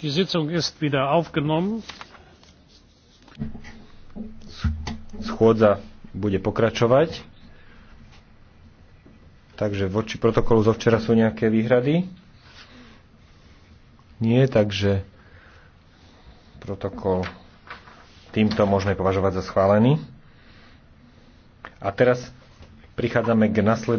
die sitzung ist wieder aufgenommen. schôdza bude pokračovať. Takže voči protokolu zo včera sú nejaké výhrady? Nie, takže protokol týmto môžeme považovať za schválený. A teraz prichádzame k nasledujú